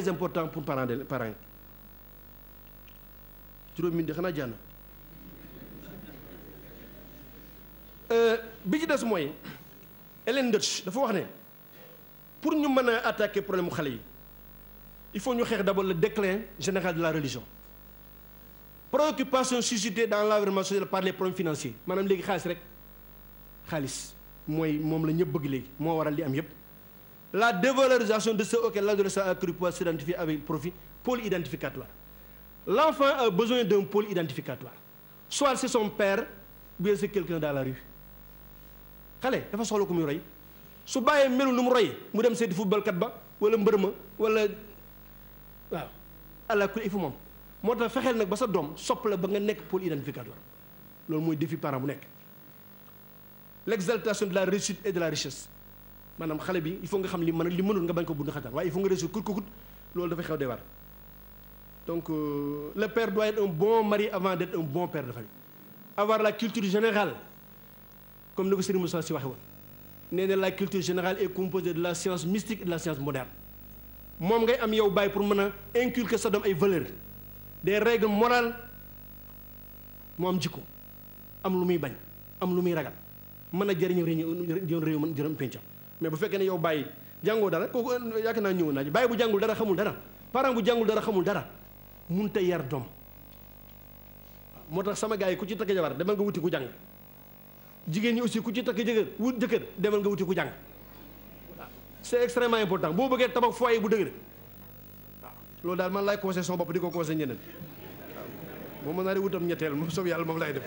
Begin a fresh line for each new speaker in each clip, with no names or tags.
très important pour parents de parents yi juróomi di xanaa jànn euh, bi ci des mooy Ellen Deutsch dafa wax ne pour ñu mën a attaquer problème xale yi il faut ñu xeex d'abord le déclin général de la religion préoccupation suscitée dans l'environnement social par les problèmes financiers maanaam léegi xaalis rek xaalis mooy moom la ñëpp bëgg léegi moo waral li am yépp la dévalorisation de ce de l'adolescent a cru pouvoir s'identifier avec profit, pôle identificatoire. L'enfant a besoin de pôle identificatoire. Soit c'est son père, ou bien c'est quelqu'un dans la rue. xale dafa soxla ku muy roy su bàyyee melu lu mu roy mu dem seeti footballkat ba wala mbër ma wala waaw allah kulli ifu moom moo tax fexeel nag ba sa doom sopp la ba nga nekk pôle identificatoire loolu mooy défi parent bu nekk l'exaltation de la réussite et la richesse maanaam xale bi il faut nga xam li mën li mënul nga bañ ko bund waaye il faut nga réussir kut ko kut loolu dafay xew dewaar donc euh, le père doit être bon mari avant d'être un bon père de famille la culture général comme ni ko Serigne sa si waxe woon nee na la culture général et composée de la science mystique et de la science moderne moom ngay am yow bàyyi pour mën a inculquer sa doom ay valeurs des règles morales mu am jikko am lu muy bañ am lu muy ragal mën a jëriñu réew mi jëriñu réew mi jëriñu pencam mais bu fekkee ne yow bàyyi jàngoo dara kooku yaakaar naa ñëw naa ci bàyyi bu jàngul dara xamul dara parent bu jàngul dara xamul dara munta yar doom moo tax sama gars yi ku ci takk jabar demal nga wuti ku jàng jigéen ñi aussi ku ci takk jëkkër wut jëkkër demal nga wuti ku jàng c'est extrêmement important boo bëggee tabax foyer bu dëgër waaw loolu daal man laay conseillé sama bopp di ko conseillé ñeneen waaw moom mën naa di wutam ñetteel moom soob yàlla moom laay dem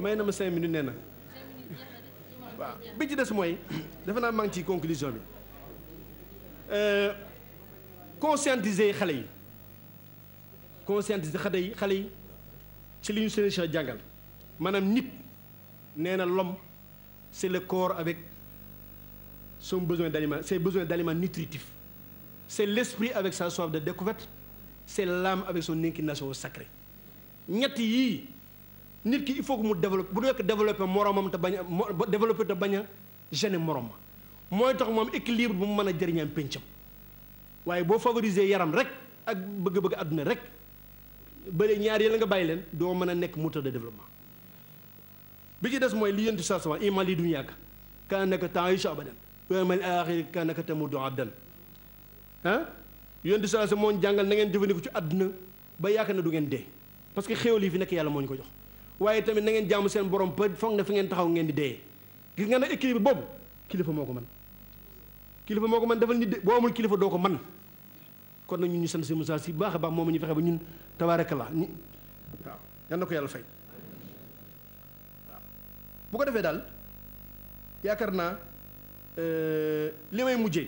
may na ma cinq minutes nee na waaw bi ci des mooy defe naa maa ngi ci conclusion bi euh, conscientiser xale yi conscientiser xale yi xale yi ci li ñu seen Cheikh jàngal maanaam nit nee na l'homme c'est le corps avec son besoin d'aliment ses besoins d'aliments nutritifs c'est l'esprit avec sa soif de découverte c'est l'âme avec son inclination sacrée ñett yii nit ki il foo que mu développe bu nekk développé moromam te bañ a développé te bañ a gêné morom ma mooy tax moom équilibre bu mu mën a jëriñam péncam waaye boo favoriser yaram rek ak bëgg-bëgg àdduna rek bële ñaar yi la nga bàyyi leen doo mën a nekk moteur de développement bi ci des mooy li yentu sa sama iman li duñu yàgg ka naka temps yu abadan wa mal axir ka naka tamudu abdan yonent sallallahu alayhi wasallam moo jàngal na ngeen jëfandiku ci àdduna ba yaakaar na du ngeen dee parce que xéewal yi fi nekk yàlla moo ñu ko jox waaye tamit nangeen jàmm seen borom ba foog ne fi ngeen taxaw ngeen di dee gis nga ne bi boobu kilifa moo ko man kilifa moo ko man defal nit de boo amul kilifa doo ko man kon nag ñu ñu sant si si baax a baax moom ñu fexe ba ñun tabaarakallaa ñu waaw yan na ko yàlla fay waaw bu ko defee daal yaakaar naa euh, li may mujjee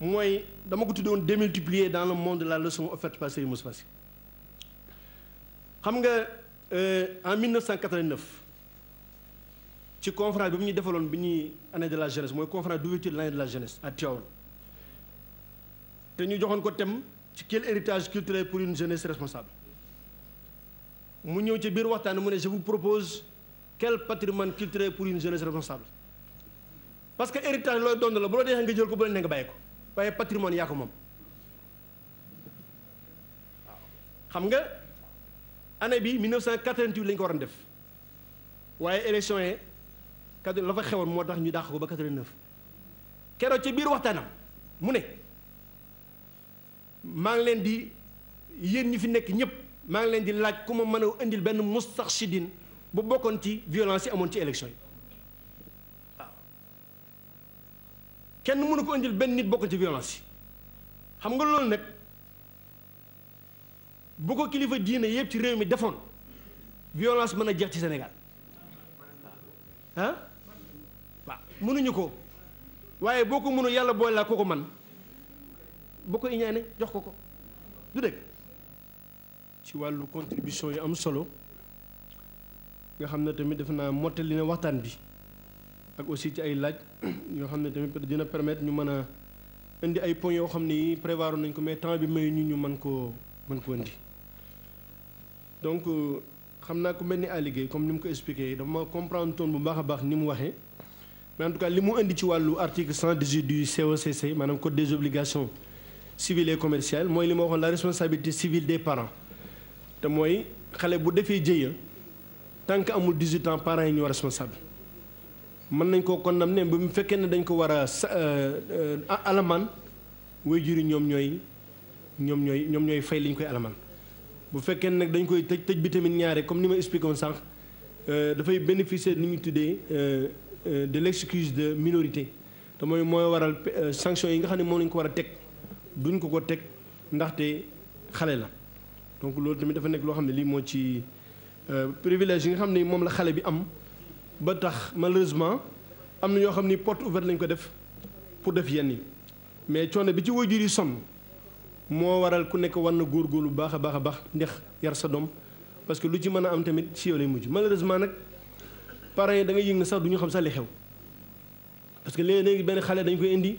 mooy dama ko tuddoon démultiplier dans le monde la leçon offerte par Serigne Moustapha Sy xam nga euh, en 1989 ci conférence bi mu ñu defaloon bi ñuy année de la jeunesse mooy conférence d'ouverture de l'année de la jeunesse à Tivaouane te ñu joxoon ko thème ci quel héritage culturel pour une jeunesse responsable mu ñëw ci biir waxtaan mu ne je vous propose quel patrimoine culturel pour une jeunesse responsable parce que héritage looy doon la boo la neexee nga jël ko bu la neexee ko. waaye patrimoine yaa ko moom xam nga année bi 1988 la ñu ko waroon def waaye élection yi kaddu la fa xewoon moo tax ñu dàq ko ba 89 keroog ci biir waxtaanam mu ne maa ngi leen di yéen ñi fi nekk ñëpp maa ngi leen di laaj ku ma mën a indil benn mustaxsidin bu bokkoon ci violence yi amoon ci élection yi kenn mënu ko indil benn nit bokk ci violence yi xam nga loolu nag bu ko kilifa diine yëpp ci réew mi defoon violence mën a jeex ci senegal ah waaw mënuñu ko waaye boo ko mënu yàlla boole laa ko ko man boo ko iñaane jox ko ko du dëgg ci wàllu contribution yu am solo nga xam ne tamit def naa mottali na waxtaan bi ak aussi ci ay laaj yoo xam ne tamit dina permettre ñu mën a indi ay points yoo xam ne prévoir nañ ko mais temps bi may ñu ñu mën koo mën ko indi donc euh, xam naa ku mel ni Aly Gueye comme ni mu ko expliqué dama comprendre toon bu baax a baax ni mu waxee mais en tout li mu indi ci wàllu article 118 du COCC maanaam code des obligations civiles et commerciales mooy li ma waxoon la responsabilité civile des parents te mooy xale bu defee jëya tant que amul 18 parent parents yi ñoo responsable mën nañ koo ne ba mu fekkee ne dañ ko war a sa euh, euh, alamaan waajur yi ñoom ñooy ñoom ñooy ñoom ñooy fay li koy alamaan bu fekkee nag dañ koy tëj tëj bi tamit ñaare comme ni ma expliqué sànq euh, dafay bénéficier ni ñu tuddee de l'excuse de minorité te mooy mooy waral sanction yi nga xam ne moom lañ ko war a teg duñ ko ko teg ndaxte xale la donc loolu tamit dafa nekk loo xam ne lii moo ci privilège yi nga xam ne moom la xale bi am ba tax malheureusement am na ñoo xam ni porte ouverte lañ ko def pour def yenn yi mais coono bi ci waajur yi sonn moo waral ku nekk war na góor góor lu baax a baax a baax ndax yar sa doom parce que lu ci mën a am tamit si yow lay mujj malheureusement nag parents danga da yëg na sax du ñu xam sax li xew parce que léeg-léeg benn xale dañ koy indi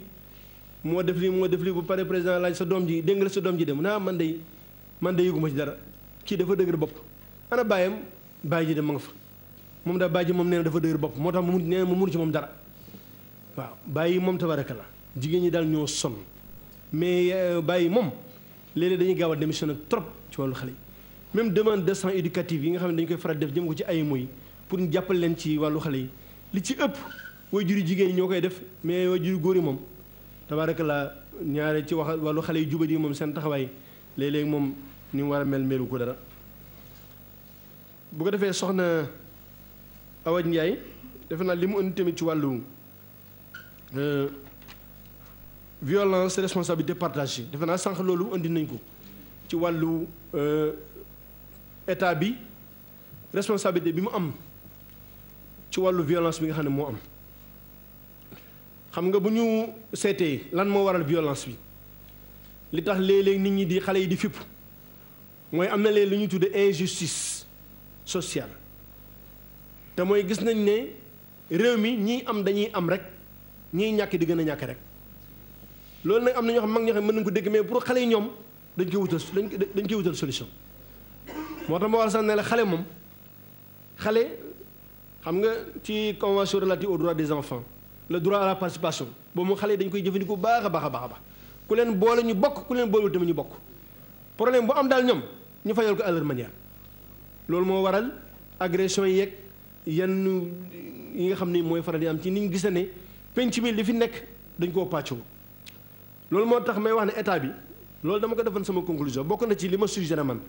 moo def lii moo def lii bu pare président laaj sa doom ji dégg nga sa doom ji dem naa man day man day yëguma ci dara kii dafa dëgër bopp ana bàyyam bàyyi ji dem ma nga fa moom daal bàyyi ji moom nee na dafa dëgër bopp moo tax mu nee na mu mënu ci moom dara waaw bàyyi moom la jigéen ñi daal ñoo sonn mais euh, bàyyi moom léeg dañuy gaaw a démissionné trop ci wàllu xale même demande de soins éducatifs yi nga xam ne dañu koy faral def jëm ko ci ay moy pour ñu leen ci wàllu xale yi li ci ëpp waajur yu jigéen ñi ñoo koy def mais waajur góor yi moom tabaraka la ñaare ci wax wàllu xale yu jubadi moom seen taxawaay léeg moom ni war a mel melu ko dara bu ko defee soxna Awa Ndiaye defe naa li mu indi tamit ci wàllu euh, violence responsabilité partagée defe naa sànq loolu indi nañ ko ci wàllu euh, état bi responsabilité bi mu am ci wàllu violence bi nga xam ne moo am xam nga bu ñu seetee lan moo waral violence bi li tax léeg-léeg nit ñi di xale yi di fipp mooy am na léeg lu ñuy tudde injustice social te mooy gis nañ ne réew mi ñiy am dañuy am rek ñiy ñàkk di gën a ñàkk rek loolu nag am na ñoo xam mag ñoo xam mën nañ ko dégg mais pour xale yi ñoom dañ koy wutal dañ koy wutal solution moo tax ma war a sax ne xale moom xale xam nga ci convention relative aux droits des enfants le droit participation boobu moom xale yi dañ koy jëfandikoo baax a baax a baax a ku leen boole ñu bokk ku leen boolewul tamit ñu bokk problème bu am daal ñoom ñu fayal ko à leur manière loolu moo waral agression yeeg. yan yi nga xam ni mooy faral di am ci niñ gisa ne penc mi li fi nekk dañ koo pàccoo loolu moo tax may wax ne état bi loolu dama ko defoon sama conclusion bokk na ci li ma suggéré man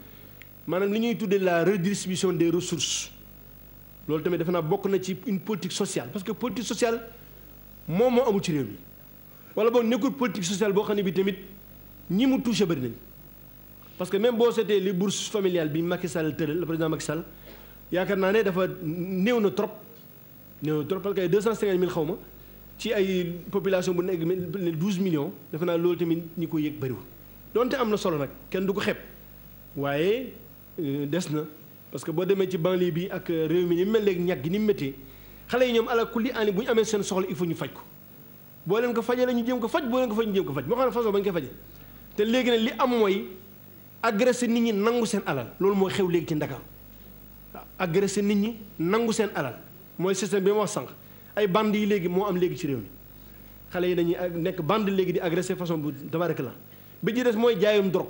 maanaam li ñuy tuddee la redistribution des ressources loolu tamit defe naa bokk na ci une politique sociale parce que politique sociale moom moo amul ci réew mi wala boog nekkul politique sociale boo xam ne bi tamit ñi mu touché bëri nañ parce que même boo seetee li bourse familiale bi Macky Sall tëral le président yaakaar naa ne dafa néew na trop néew na trop parce que ay deux cent cinquante mille xaw ma ci ay population bu nekk ne douze millions defe naa loolu tamit ñi ko yëg bëriwul donte am na solo nag kenn du ko xeeb waaye euh, des na parce que boo demee ci banlieue bi ak euh, réew mi ni mel léegi ñàkk gi ni mu méttee xale yi ñoom ala kulli aani bu ñu amee seen soxla il faut ñu faj ko boo leen ko fajee la ñu ko faj boo leen ko faj ñu jéem ko faj moo xam ne façon ba ñu koy fajee te léegi nag li am mooy agressé nit ñi nangu seen alal loolu moo xew léegi ci Ndakaaru agressé nit ñi nangu seen alal mooy système bi ma wax sànq ay bande yi léegi moo am léegi ci réew mi xale yi dañuy nekk bande léegi di agressé façon bu tabaraka la bi ci des mooy jaayum drogue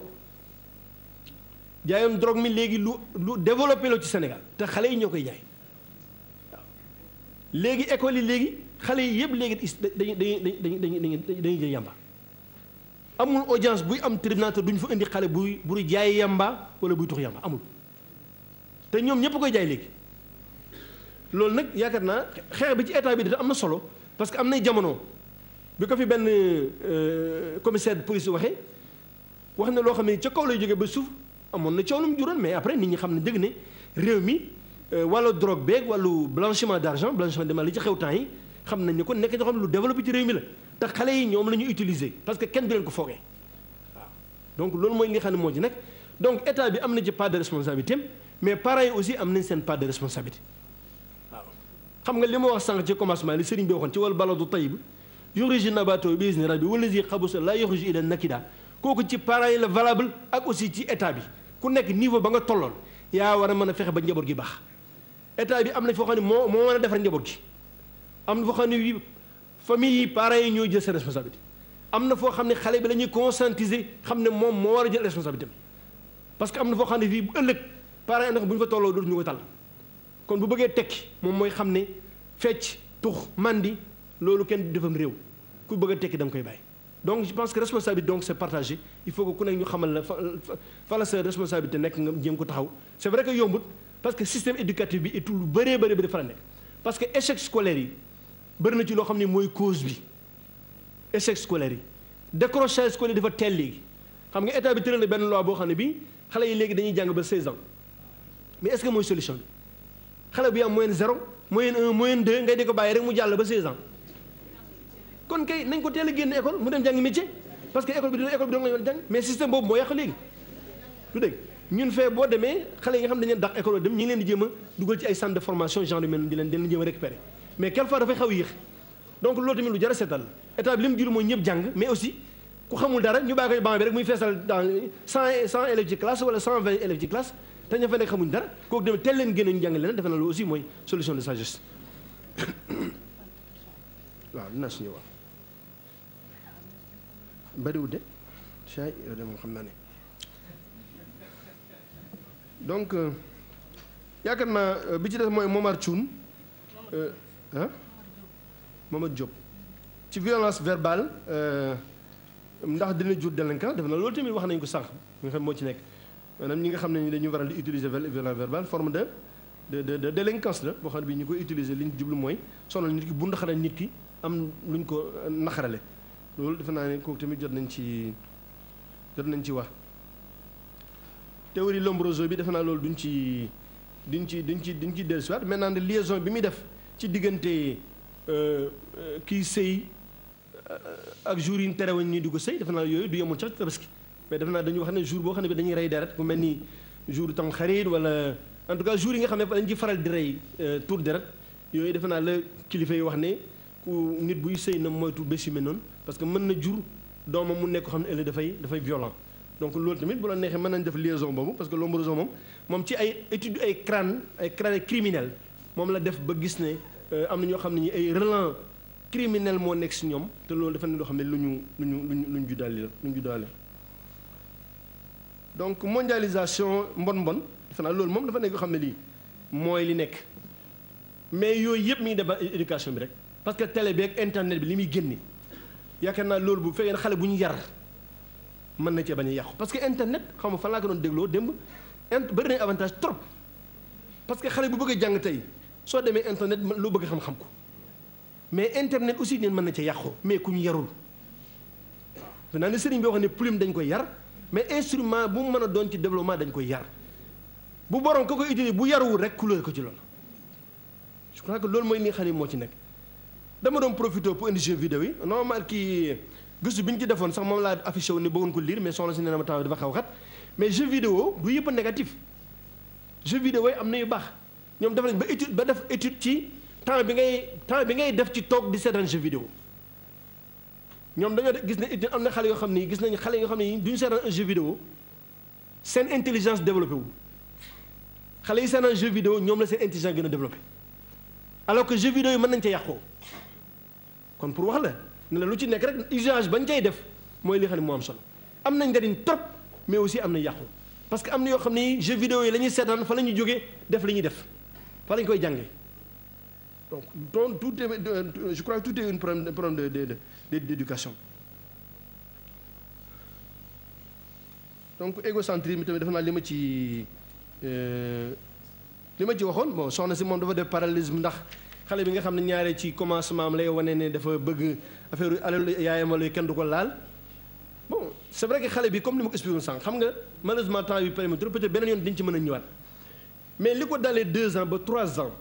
jaayum drogue mi léegi lu lu développé la ci Sénégal te xale yi ñoo koy jaay léegi école yi léegi xale yi yëpp léegi dañuy dañuy dañuy dañuy jël yàmba amul audience buy am tribunal te duñ fa indi xale buy buy jaay yàmba wala buy tux yàmba amul. te ñoom ñëpp koy jaay léegi loolu nag yaakaar naa xeex bi ci état bi dafa am na solo parce que am na jamono bi ko fi benn euh, commissaire de police waxee wax na loo xam ne ca kaw lay jóge ba suuf amoon na coow lu mu juróon mais après nit ñi xam ne dëgg ne réew mi euh, wàllu drogue beeg wàllu blanchiment d' argent blanchiment de mal li ci xew temps yi xam nañ ne kon nekk ñoo xam lu développé ci réew mi la te xale yi ñoom la ñu utiliser parce que kenn du leen ko foogee waaw donc loolu mooy li xam ne moo ci nekk donc état bi am na ci part de responsabilité mais parents yi aussi am nañ seen part de responsabilité waaw xam nga li ma wax sànq ci commencement li sëriñ bi waxoon ci wal baladu tayyib yuxriji nabato bi izni rabbi wallazi xabusa la yuxriji ila nakida kooku ci parents yi la valable ak aussi ci état bi ku nekk niveau ba nga tolloon yaa war a mën a fexe ba njaboot gi baax état bi am na foo xam ne moo moo mën a defar njaboot gi am na foo xam ne famille yi parents yi ñooy jël seen responsabilité am na foo xam ne bi la ñuy conscientiser xam ne moom moo war a jël responsabilité parce que am na foo xam ne fii bu ëllëg parents nag bu ñu fa tolloo ñu ko tal kon bu bëggee tekki moom mooy xam ne fecc tux mandi loolu kenn du defam réew ku bëgg a tekki da koy bàyyi. donc je pense que responsabilité donc c'est partagé il faut que ku nekk ñu xamal la fa la sa responsabilité nekk nga jéem ko taxaw c'est vrai que yombut parce que système éducatif bi et tout lu bëree bëri dafa la nekk parce que échec scolaire yi bëri na ci loo xam ne mooy cause bi échec scolaire yi décrochage scolaire dafa teel léegi xam nga état bi tëral na benn loi boo xam ne xale yi léegi dañuy jàng ba 16 mais est-ce que mooy solution bi xale bi am moyenne zéro moyenne un moyenne ngay di ko bàyyi rek mu jàll ba 16 ans kon kay nañ ko teel a génn école mu dem jàng métier parce que école bi dina école bi dong mais système boobu moo yàq léegi du dégg ñun fee boo demee xale yi nga xam ne dañu leen dàq école dem ñu leen di jéem dugal ci ay sant de formation genre yu di leen di leen jéem a récupérer mais quelquefois dafay xaw a yéex donc loolu tamit lu jar seetal état bi li mu mooy ñëpp jàng mais aussi ku xamul ñu bàyyi ko ci banc bi rek muy te ña fa nekk xamuñ dara kooku tamit teel leen génne ñu jàng leen defe na loolu mooy solution de sagesse waaw dinaa suñu wax xam naa ne donc euh, yaakaar naa euh, bi ci des mooy Momar Thioune ah Momar Diop ci violence verbale ndax dina jur délinquant defe na loolu tamit wax nañ ko sànq nga xam moo ci nekk maanaam ñi nga xam ne ñi dañuy waral di utiliser violence verbale forme de de de délinquance la boo xam ne bi ñu koy utiliser li ñu jublu mooy sonal nit ki bu ndaxaral nit ki am luñ ko euh, naxarale loolu defe naa ne kooku tamit jot nañ ci jot nañ ci wax théorie Lombroso bi defe naa loolu duñ ci duñ ci duñ ci duñ ci dellusiwaat naa de liaison bi muy def ci diggante euh, euh, kii sëy ak jour yi ñu terewoon ñi di ko sëy defe naa yooyu du yemul sax tabaski mais def naa dañu wax ne jour boo xam ne bi dañuy rey deret bu mel ni jour tam xarit wala en tout cas jour yi nga xam ne dañ ci faral di rey euh, tour deret yooyu defe naa la kilifa yi wax ne ku nit buy sëy na moytu bés yu mel noonu parce que mën na jur doomam mu nekk xam ne ëllëg dafay dafay violent donc loolu tamit bu la neexee mën nañ def liaison boobu parce que l'ombroso moom moom ci ay étude ay crâne ay crâne criminel moom la def ba gis ne euh, am na ñoo xam ne ñi ay relents criminel moo nekk si ñoom te loolu dafa ne loo xam ne lu ñu lu ñu lu ñu lu ñu juddaale la donc mondialisation mbon mbon defe loolu moom dafa nekk yoo xam ne lii mooy li nekk mais yooyu yëpp muy ngi a éducation bi rek parce que télé bi ak internet bi li muy génne yaakaar naa loolu bu fekkee xale bu ñu yar mën na cee bañ a yàqu parce que internet xam nga fan laa ko doon dégloo démb int bëri nañ avantage trop parce que xale bu bëgg a jàng tey soo demee internet loo bëgg xam-xam ko mais internet aussi neen mën na cee yàqu mais ku ñu yarul. naa ne sëriñ bi wax ne plume dañ koy yar. mais instrument bu mu mën a doon ci développement dañ koy yar bu borom ko koy utiliser bu yaruwul rek couleur ko ci loolu je crois que loolu mooy li nga yi moo ci nekk dama doon profité pour indi jeu vidéo yi normal kii gëstu bi ñu ci defoon sax moom laa affiché wu ne bëggoon ko lire mais soxla si ne ma temps dafa xaw xat mais jeu vidéo du yëpp a négatif jeu vidéo yi am na yu baax ñoom def nañ ba étude ba def étude ci temps bi ngay temps bi ngay def ci toog di seetaan jeu vidéo ñoom dañoo gis ne am na xale yoo xam ne gis nañu xale yoo xam ne duñu seetaan un jeu vidéo seen intelligence développé wu xale yi seetaan jeu vidéo ñoom la seen intelligence gën a développé alors que jeu yi mën nañ ca yàqoo kon pour wax la ne la lu ci nekk rek usage bañ cay def mooy li xam ne moo am solo am na njariñ trop mais aussi am na yàqu parce que am na yoo xam ne jeu vidéo yi la ñuy seetaan fa la ñuy jógee def li ñuy def fa la koy jàngee. donc donc tout est je crois que tout est une problème problème de de de d'éducation donc tamit dafa naa li ma ci euh, li ma ci waxoon bon soxna si moom dafa def parallélisme ndax xale bi nga xam ne ñaaree ci commencement am lay wane ne dafa bëgg affaire alalu yaayam wala kenn du ko laal bon c'est vrai que xale bi comme ni ma ko expliqué sànq xam nga malasement temps bi permettre peut-être beneen yoon dañ ci mën a ñëwaat mais li ko dalee deux ans ba trois ans.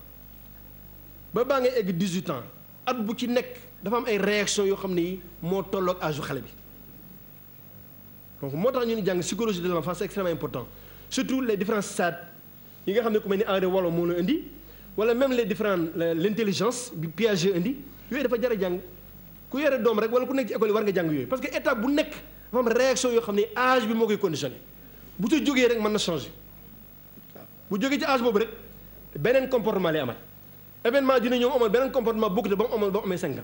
ba baa ngay egg 18 ans at bu ci nekk dafa am ay réaction yoo xam ni yi moo tolloog âge xale bi donc moo tax ñu ni jàng psychologie de l'enfance c'est extrêmement important surtout les différents stades yi nga xam ne ku mel ni Henri Wallon moo la indi wala même les différents l'intelligence bi Piaget indi yooyu dafa jar a jàng ku yore doom rek wala ku nekk ci école yi war nga jàng yooyu parce que étape bu nekk dafa am réaction yoo xam ne âge bi moo koy bu ci jógee rek mën na changer bu jógee ci âge boobu rek beneen comportement lay amat événement dina ñoom amoon beneen comportement bokkute ba mu amoon ba amee 5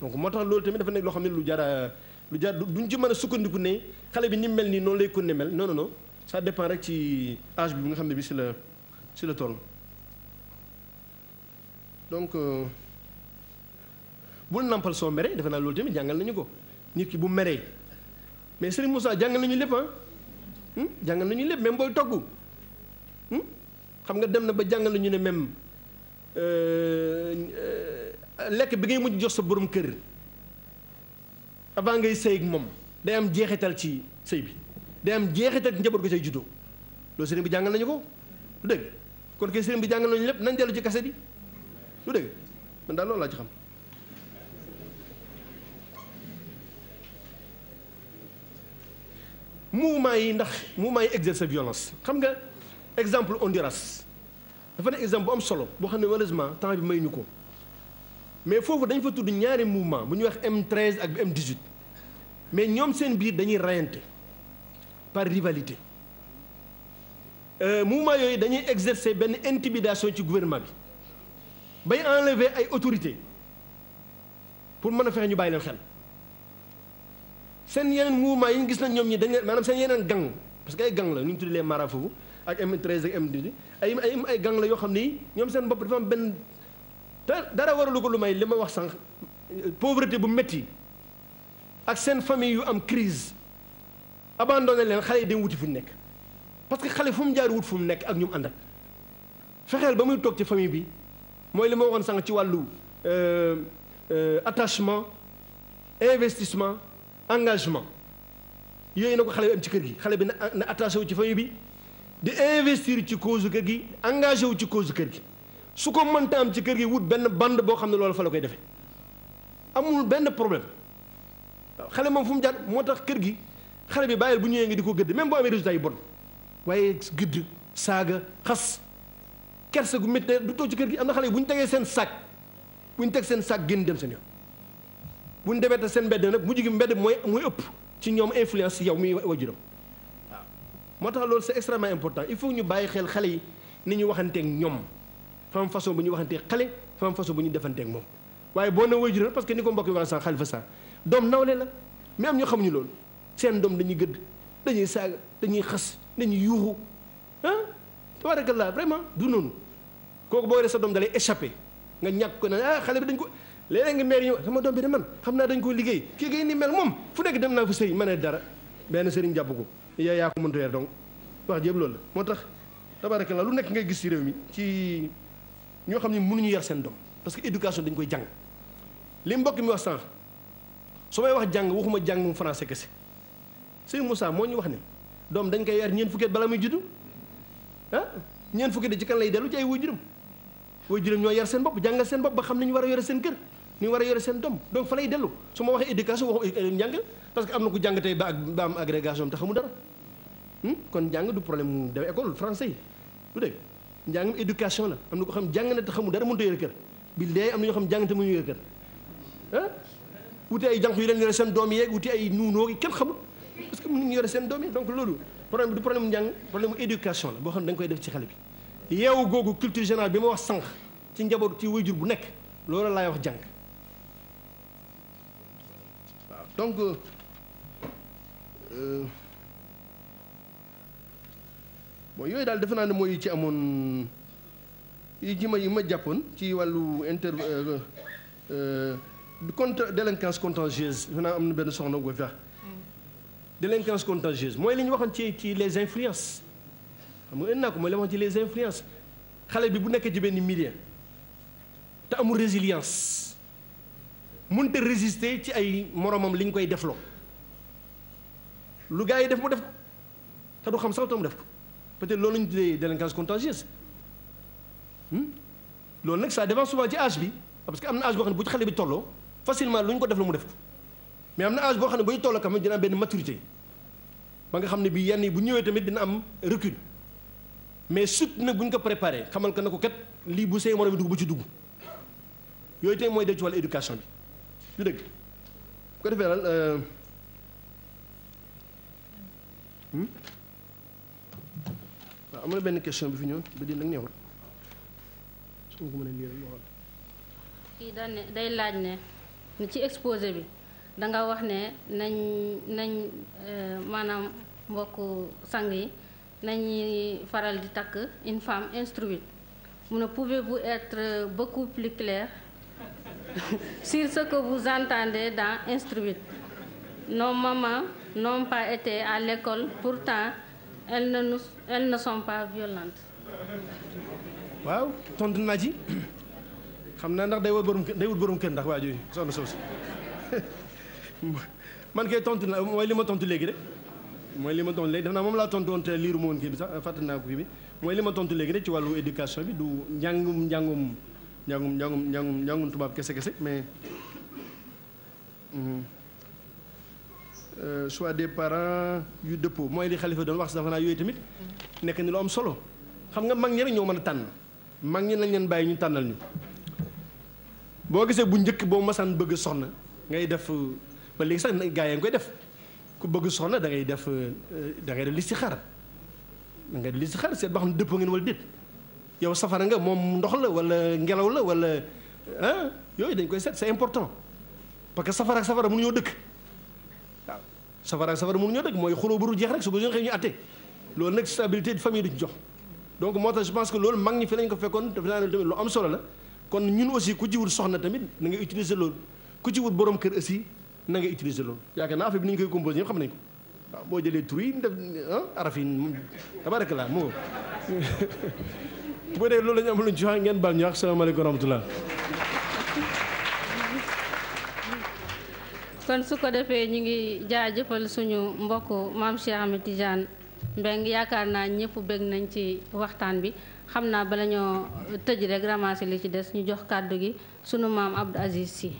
donc moo tax loolu tamit dafa nekk loo xam ne lu jar lu jaar jar duñ ci mën a sukkandiku ne xale bi ni mel nii noonu lay kunne mel non non non ça rek ci âge bi nga xam ne bi si la si la toll donc euh, bul nampal soo meree defe naa loolu tamit jàngal nañu ko nit ki bu meree mais Serigne Moussa jàngal nañu lépp ah hmm? nañu lépp même booy togg hmm? xam nga dem na ba jàngal nañu ne même Euh, euh, lekk bi ngay mujj jox sa borom kër avant ngay sëy ak moom day am jeexital ci sëy bi day am jeexital ci njaboot ko say juddoo loolu sëriñ bi jàngal nañu ko lu dëgg kon kay sëriñ bi jàngal nañu lépp nañ dellu ci kaset yi lu dëgg man daal loolu laa ci xam mouvement yi ndax mouvement yi exerce violence xam nga exemple Honduras dafa nekk exemple bu am solo boo xam ne malheureusement temps bi may ñu ko mais foofu dañu fa tudd ñaari mouvement bu ñuy wax M13 ak M18 mais ñoom seen biir dañuy rayante par rivalité euh, mouvement yooyu dañuy exercer benn intimidation ci gouvernement bi bay enlever ay autorités pour mën a fexe ñu bàyyi leen xel seen yeneen mouvement yi ñu gis nañ ñoom ñi dañ leen maanaam seen yeneen gang parce que ay gang la ñu ñu tuddee les mara foofu ak M13 ak M18 ay ay ay gang la yoo xam ni ñoom seen bopp dafa am benn te dara waralu ko lu may li ma wax sànq pauvreté bu metti ak seen famille yu am crise abandonné leen xale yi dem wuti fu ñu nekk parce que xale fu mu jaar wut fu mu nekk ak ñu mu ànd ak fexeel ba muy toog ci famille bi mooy li ma waxoon sànq ci wàllu euh, euh, attachement investissement engagement yooyu na ko xale bi am ci kër gi xale bi na attaché wu ci famille bi di investir ci cause kër gi engagé wu ci cause kër gi su ko mënta am ci kër gi wut benn band boo xam ne loolu fa la koy defee amul benn problème xale moom fu mu jaar moo tax kër gi xale bi bàyyil bu ñëwee nga di ko gëdd même boo amee résultat yi bon waaye gëdd saaga xas kersa gu métti du toog ci kër gi am na xale yi bu ñu tegee seen sac bu ñu teg seen sac génn dem seen yoon bu ñu demee te seen mbedd nag mujj gi mbedd mooy mooy ëpp ci ñoom influence yow mi wajuram moo tax loolu c'est extrêmement important il faut ñu bàyyi xel xale yi ni ñu waxanteeg ñoom fam façon bu ñu waxanteeg xale fam façon bu ñu defanteeg moom waaye boo na wayjur parce que ni ko mbokk yi wax sànq Khalifa Sall doom nawle la mais am ñu xamuñu loolu seen doom dañuy gëdd dañuy saaga dañuy xas dañuy yuuxu ah tabarakallah vraiment du noonu kooku boo yoree sa doom dalay échappé nga ñàkk ko ne ah xale bi dañ ko léeg-léeg nga meer ñëw sama doom bi de man xam naa dañ koo liggéey kii ni mel moom fu nekk dem naa fu sëy ma ne dara benn sëriñ jàpp ko yaa yaa ko mënta weer donc wax jëpp loolu la moo tax la lu nekk ngay gis ci réew mi ci ñoo xam ne ñu yar seen doom parce que éducation dañ koy jàng li mbokk mi wax sànq su may wax jàng waxuma mu français kese sëñ Moussa moo ñu wax ne doom dañ koy yar ñeent fukki at bala muy juddu ah ñeent fukki at ci kan lay dellu ci ay waajuram waajuram ñoo yar seen bopp jàngal seen bopp ba xam ne ñu war a yore seen kër ñu war a yore seen doom donc fa lay dellu su ma waxee éducation waxu njàng parce que am na ko jàng tey ba ak ba am agrégation te xamu dara hmm? kon njàng du problème mu dem école français yi du dégg la am na ko xam jàng na te xamu dara mënut a yore kër bi am na ñoo xam jàng te mënuñu yore kër ah wuti ay jànq yu leen yore seen doom yeeg wuti ay nuunoo yi kenn xamul parce que mënuñu yore seen doom yi donc loolu problème du problème mu njàng problème mu éducation la boo xam ne da koy def ci xale bi yeewu googu culture générale bi ma wax sànq ci njaboot ci wayjur bu nekk loolu laay wax jàng donc euh, euh, bon yooyu daal defe naa ne mooy ci amoon yi ci ma yi ma jàppoon ci wàllu inter euh, contre délinquance contagieuse defe naa am na benn soxna ko fex mm. délinquance contagieuse mooy li ñu waxoon ci ci les influences xam nga indi naa ko mooy li waxoon ci les influences xale bi bu nekkee ci benn milieu te amul résilience mënta résister ci ay moromam li ñu koy defloo lu gars yi def mu def te du xam sax tam def ko peut-être loolu la ñu tuddee délinquance contagieuse hmm? loolu nag ça dépend souvent ci âge bi parce que am na âge boo xam ne bu ci xale bi tolloo facilement lu ñu ko def la mu def ko mais am na âge boo xam ne bu ñu tolloo quand même dina am benn maturité ba nga xam ne bii yenn yi bu ñëwee tamit dina am recul mais sut nag bu ñu ko préparé xamal ko na ko kat lii bu see morom bi dugg ci dugg yooyu tamit mooy def ci wàllu bi. du dëgg bu ko defee daal euh, hmm? waaw am na benn question bi fi ñëw ba di nag ñëwul
kii daan day laaj ne
ci exposé bi da nga wax ne nañ nañ euh, maanaam mbokk sang yi nañuy faral di takk une femme instruite mu ne bu vous être beaucoup si ce que vous entendez dans instruire. Nos mamans n'ont pas été à l'école, pourtant elles ne, nous, elles ne sont pas violentes. waaw tontu naa ci xam naa ndax day wut borom day wut borom kër ndax waa jooju soxna soosu man kay tontu na mooy li ma tontu léegi rek mooy li ma tontu léegi def naa moom laa tontu woon te liiru ma kii bi sax fàttali naa ko kii bi mooy li ma tontu léegi rek ci wàllu éducation bi du njàngum njàngum. njàngum njàngum njàngum njàngum tubaab kese kese mais euh, choix des parents yu dëppoo mooy li xalifa doon wax si dafa naa yooyu tamit nekk ni lu am solo xam nga mag ñi rek ñoo mën a tànn mag ñi lañ leen bàyyi ñu tànnal ñu boo gisee bu njëkk boo masaan bëgg soxna ngay def ba léegi sax gaa yaa ngi koy def ku bëgg soxna da ngay def euh, da ngay def listixaar da ngay def listixaar seet ba xam dëppoo ngeen wala déet yow safara nga moom ndox la wala ngelaw la wala ah yooyu dañ koy set c'est important parce que safara ak safara mënuñoo dëkk waaw safara ak safara mënuñoo dëkk mooy xuloo bu jeex rek su ko joxee ñu atte loolu nag stabilité de jox donc moo tax je pense que loolu mag ñi fi lañ ko fekkoon daf naa ne tamit lu am solo la kon ñun aussi ku ci soxna tamit na nga utiliser loolu ku ci wut borom kër aussi na nga utiliser loolu yaakaar naa affaire bi ni ñu koy composé ñëpp xam nañ ko waaw boo jëlee tur yi def araf yi tabaaraka bu dee loolu la ñu am lu ñu joxe ngeen bal ñu wax salaamaaleykum wa kon su ko defee ñu ngi jaajëfal suñu mbokk maam Cheikh Ahmed Tidiane Mbengue yaakaar naa ñëpp bëgg nañ ci waxtaan bi xam naa bala ñoo tëj rek ramasser li ci des ñu jox kàddu gi suñu maam Abdou Aziz Sy.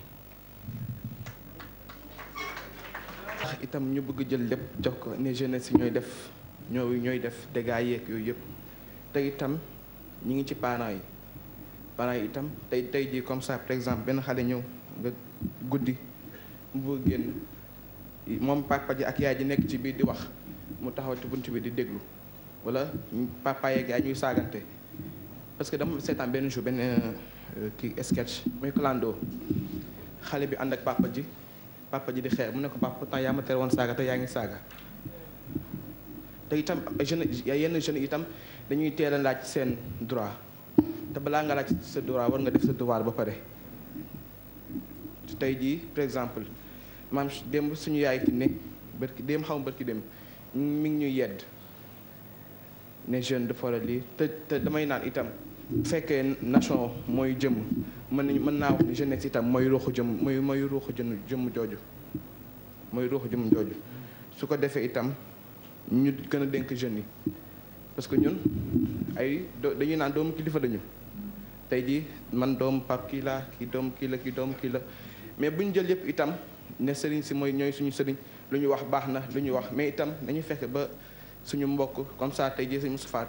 itam ñu bëgg jël lépp jox ko ne jeunesse ñooy def ñooy ñooy def dégâts yeeg yooyu yëpp te itam. ñu ngi ci parent yi parents yi itam tey tey jii comme ça par exemple benn xale ñëw nga guddi mu moom papa ji ak yaay ji nekk ci biir di wax mu taxaw ci bunt bi di déglu wala papa yeeg yaay ñuy saagante parce que dama seetaan benn jour benn euh, kii sketch muy clando xale bi ànd ak papa ji papa ji di xeer mu ne ko papa pourtant yaa ma tere woon saaga te yaa ngi saaga te itam jeune yenn jeunes itam dañuy teel a laaj seen droit te balaa nga laaj sa droit war nga def sa devoir ba pare tey jii par exemple maam démb suñu yaay ki ne bërki démb xaw ma bërki démb mi ngi ñuy yedd ne jeune de fora lii te te damay naan itam fekkee nation mooy jëmm mën nañu mën naa wax ni jeunesse itam mooy ruuxu jëm mooy mooy ruuxu jëm jëmm jooju mooy ruuxu jëm jooju su ko defee itam ñu gën a dénk jeunes yi parce que ñun ay dañuy naan doomu kilifa lañu tey jii man doomu pap kii la kii doom kii la kii kii la mais bu ñu jël yëpp itam ne sëriñ si mooy ñooy suñu sëriñ lu ñu wax baax na lu ñu wax mais itam nañu fexe ba suñu mbokk comme ça tey jii suñu sufaat